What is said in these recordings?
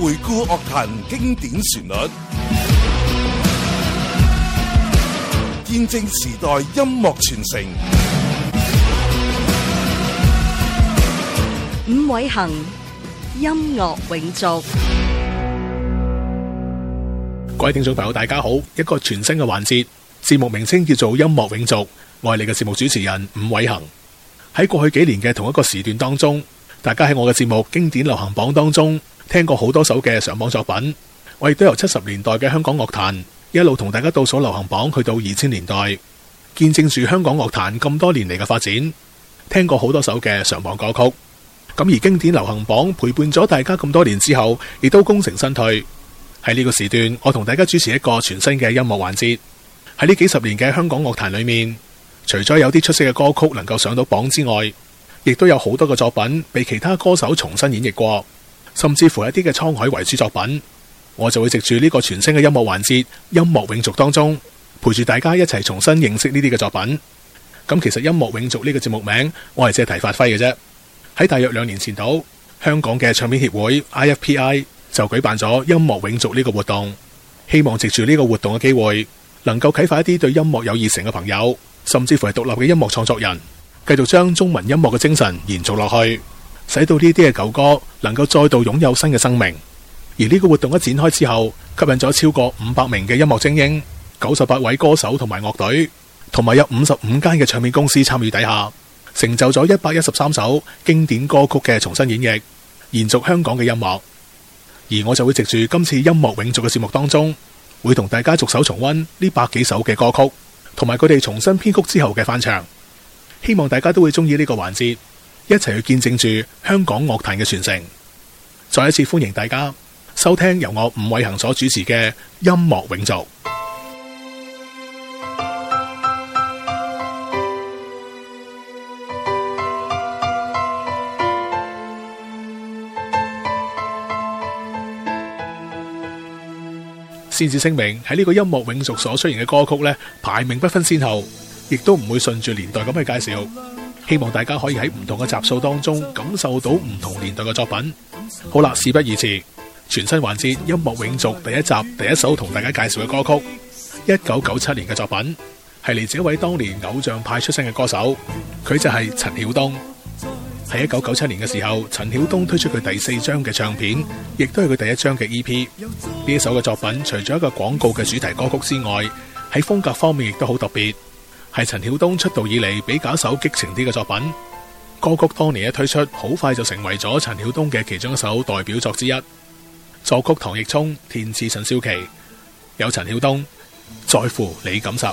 回顧樂壇經典旋律，見證時代音樂傳承。伍偉恆，音樂永續。各位聽眾朋友，大家好！一個全新嘅環節，節目名稱叫做《音樂永續》，我係你嘅節目主持人伍偉恆。喺過去幾年嘅同一個時段當中，大家喺我嘅節目《經典流行榜》當中。聽過好多首嘅上榜作品，我亦都由七十年代嘅香港樂壇一路同大家倒數流行榜，去到二千年代，見證住香港樂壇咁多年嚟嘅發展。聽過好多首嘅上榜歌曲，咁而經典流行榜陪伴咗大家咁多年之後，亦都功成身退。喺呢個時段，我同大家主持一個全新嘅音樂環節。喺呢幾十年嘅香港樂壇裏面，除咗有啲出色嘅歌曲能夠上到榜之外，亦都有好多嘅作品被其他歌手重新演繹過。甚至乎一啲嘅滄海遺珠作品，我就會藉住呢個全新嘅音樂環節《音樂永續》當中，陪住大家一齊重新認識呢啲嘅作品。咁其實《音樂永續》呢個節目名，我係借題發揮嘅啫。喺大約兩年前度，香港嘅唱片協會 IFPI 就舉辦咗《音樂永續》呢個活動，希望藉住呢個活動嘅機會，能夠啟發一啲對音樂有熱誠嘅朋友，甚至乎係獨立嘅音樂創作人，繼續將中文音樂嘅精神延續落去。使到呢啲嘅舊歌能夠再度擁有新嘅生命，而呢個活動一展開之後，吸引咗超過五百名嘅音樂精英、九十八位歌手同埋樂隊，同埋有五十五間嘅唱片公司參與底下，成就咗一百一十三首經典歌曲嘅重新演繹，延續香港嘅音樂。而我就會藉住今次音樂永續嘅節目當中，會同大家逐首重温呢百幾首嘅歌曲，同埋佢哋重新編曲之後嘅翻唱，希望大家都會中意呢個環節。一齊去見證住香港樂壇嘅傳承。再一次歡迎大家收聽由我伍偉恆所主持嘅《音樂永續》。 先至聲明喺呢個《音樂永續》所出現嘅歌曲呢，排名不分先後，亦都唔會順住年代咁去介紹。希望大家可以喺唔同嘅集數當中感受到唔同年代嘅作品。好啦，事不宜遲，全新環節《音樂永續》第一集第一首同大家介紹嘅歌曲，一九九七年嘅作品，係嚟自一位當年偶像派出身嘅歌手，佢就係陳曉東。喺一九九七年嘅時候，陳曉東推出佢第四張嘅唱片，亦都係佢第一張嘅 EP。呢一首嘅作品，除咗一個廣告嘅主題歌曲之外，喺風格方面亦都好特別。係陳曉東出道以嚟比較一首激情啲嘅作品，歌曲當年一推出，好快就成為咗陳曉東嘅其中一首代表作之一。作曲唐奕聰，填詞陳少琪，有陳曉東在乎你感受。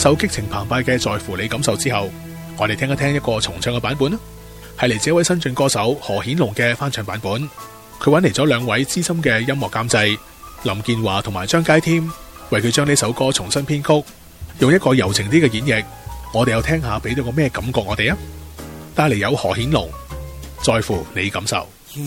首激情澎湃嘅在乎你感受之後，我哋聽一聽一個重唱嘅版本係嚟自一位新晉歌手何顯龍嘅翻唱版本。佢揾嚟咗兩位資深嘅音樂監製林建華同埋張佳添，為佢將呢首歌重新編曲，用一個柔情啲嘅演繹。我哋又聽下俾到個咩感覺我哋啊？帶嚟有何顯龍在乎你感受。如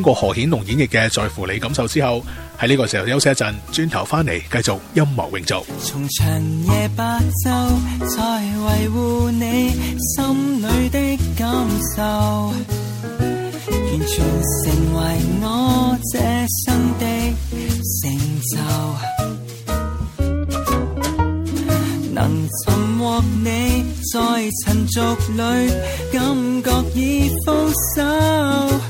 經過何顯龍演繹嘅在乎你感受之後，喺呢個時候休息一陣，轉頭翻嚟繼續音樂永續。從長夜白晝，再維護你心裏的感受，完全成為我這生的成就，能尋獲你，在塵俗裏感覺已豐收。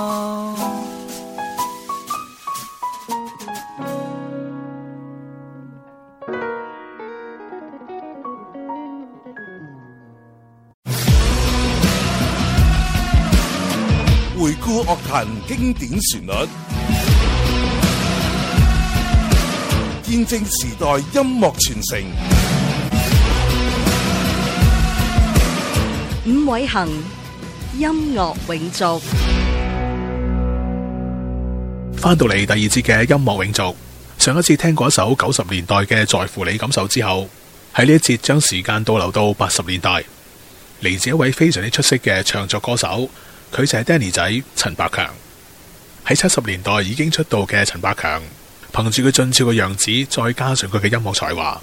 回顧樂壇經典旋律，見證時代音樂傳承。伍偉恆，音樂永續。翻到嚟第二節嘅音樂永續，上一次聽過一首九十年代嘅在乎你感受之後，喺呢一節將時間倒流到八十年代，嚟自一位非常之出色嘅唱作歌手。佢就係 Danny 仔陳百強，喺七十年代已經出道嘅陳百強，憑住佢俊俏嘅樣子，再加上佢嘅音樂才華，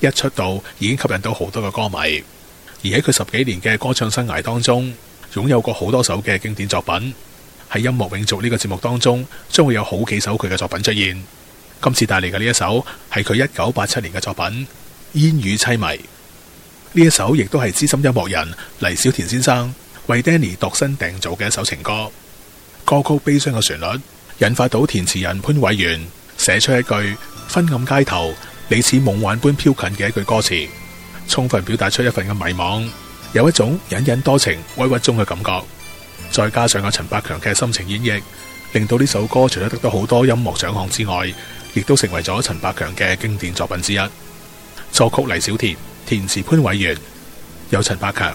一出道已經吸引到好多嘅歌迷。而喺佢十幾年嘅歌唱生涯當中，擁有過好多首嘅經典作品。喺音樂永續呢個節目當中，將會有好幾首佢嘅作品出現。今次帶嚟嘅呢一首係佢一九八七年嘅作品《煙雨淒迷》。呢一首亦都係資深音樂人黎小田先生。為 Danny 度身訂造嘅一首情歌，歌曲悲傷嘅旋律，引發到填詞人潘偉源寫出一句昏暗街頭，你似夢幻般飄近嘅一句歌詞，充分表達出一份嘅迷惘，有一種隱隱多情、委屈中嘅感覺。再加上阿陳百強嘅深情演繹，令到呢首歌除咗得到好多音樂獎項之外，亦都成為咗陳百強嘅經典作品之一。作曲黎小田，填詞潘偉源，有陳百強。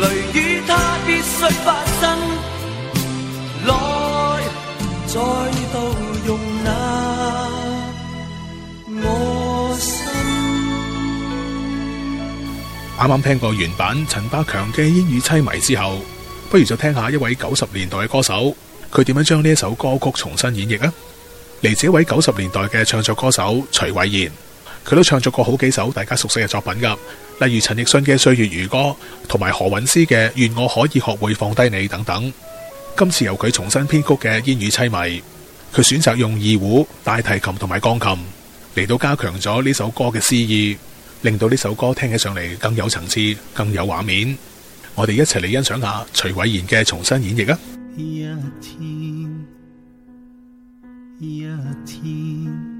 雷雨他必須發生，來再度容納我心。啱啱聽過原版陳百強嘅《煙雨淒迷》之後，不如就聽下一位九十年代嘅歌手，佢點樣將呢一首歌曲重新演繹啊？嚟自一位九十年代嘅唱作歌手徐偉賢。佢都唱作過好幾首大家熟悉嘅作品㗎，例如陳奕迅嘅《歲月如歌》，同埋何韻詩嘅《願我可以學會放低你》等等。今次由佢重新編曲嘅《煙雨淒迷》，佢選擇用二胡、大提琴同埋鋼琴嚟到加強咗呢首歌嘅詩意，令到呢首歌聽起上嚟更有層次、更有畫面。我哋一齊嚟欣賞下徐偉賢嘅重新演繹啊！一天，一天。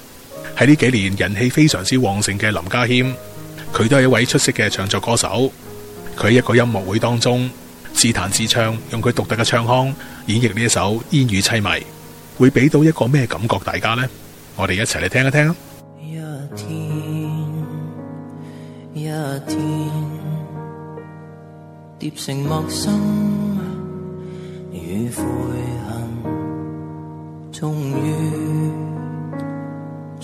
喺呢幾年人氣非常之旺盛嘅林家謙，佢都係一位出色嘅唱作歌手。佢喺一個音樂會當中自彈自唱，用佢獨特嘅唱腔演繹呢一首《煙雨淒迷》，會俾到一個咩感覺大家呢？我哋一齊嚟聽一聽啊！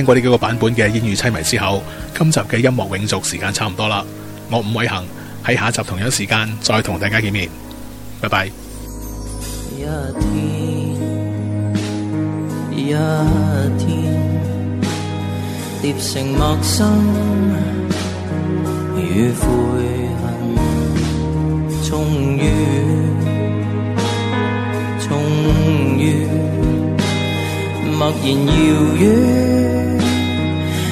聽過呢幾個版本嘅煙雨淒迷之後，今集嘅音樂永續時間差唔多啦。我伍偉恒喺下集同樣時間再同大家見面，拜拜。一天，一天，疊成陌生與悔恨，終於，終於，默然遙遠。